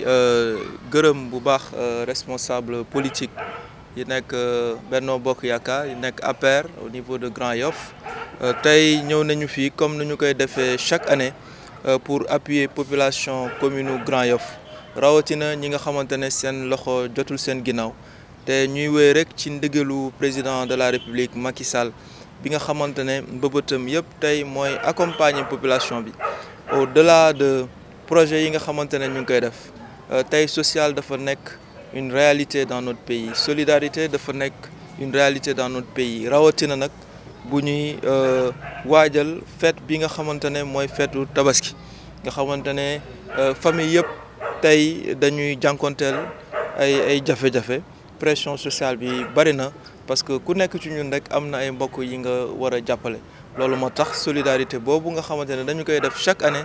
Euh, gërëm bu baax euh, responsable politique yi nekk euh, Benno au niveau de Grand Yoff comme koy chaque année pour appuyer population commune Grand Yoff rawatina ñi nga xamantene loxo jotul ñuy président de la République Macky Sall bi nga accompagner population bi au-delà de projet yi nga Euh, tey sociale dafa nekk une réalité dans notre pays solidarité dafa nekk une réalité dans notre pays rawatina nag bu ñuy euh, waajal fête bi nga xamante ne mooy feetu tabaski nga xamante ne euh, famille yëpp tey dañuy jànkonteel ay ay jafe-jafe pression sociale bi bari na parce que ku nekk ci ñun rek am na ay mbokk yi nga war a jàppale loolu moo tax solidarité boobu nga xamante ne dañu koy def chaque année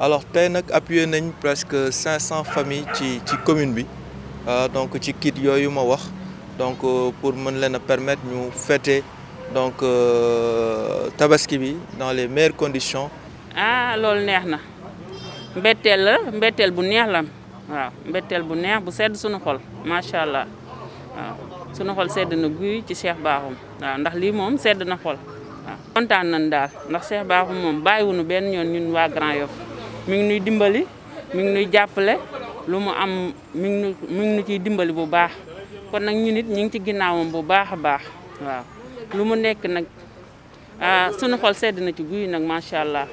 alors tey nag appuyé nañ presque 500 familles ci ci commune bi euh, donc ci kit yooyu wax donc euh, pour nous leen permettre ñu fêter donc euh, tabaski bi dans les meilleures conditions. ah loolu neex na mbetteel la mbetteel bu neex la waaw mbettel bu neex bu sedd suñu xol machallah waaw suñu xol sedd na guy ci Cheikh Bakhoum waaw ndax li mom sedd na xol waaw. contane nañ daal ndax Cheikh Bakhoum moom bàyyiwuñu benn yoon ñun wa Grand Yoff. mi ngi nuy dimbali mi ngi nuy jàppale lu mu am mi ngi mi ngi dimbali bu baax kon nag ñu nit ñu ngi ci ginnaawam bu baax a baax waaw lu mu nekk nag ah sunu xol sedd na ci guy nag macha allah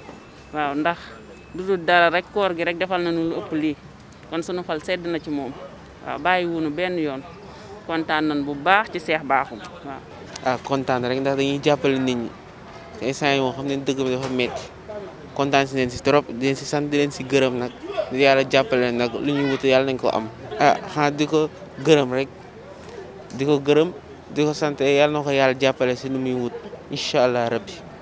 waaw ndax du dul dara rek koor gi rek defal nañu lu ëpp lii kon sunu xol sedd na ci moom waaw bàyyi wuñu benn yoon kontaan nañ bu baax ci seex Bakhoum waaw. Ah, kontaan rek ndax dañuy jàppale nit ñi instant yi xam ne dëgg bi dafa metti kontaan si leen si trop di leen si sant di leen si gërëm nag yàlla jàppale nag lu ñuy wut yàlla nañ ko am ah xanaa di ko gërëm rek di ko gërëm di ko sant yàlla na ko yàlla jàppale si lu muy wut incha allah rabbi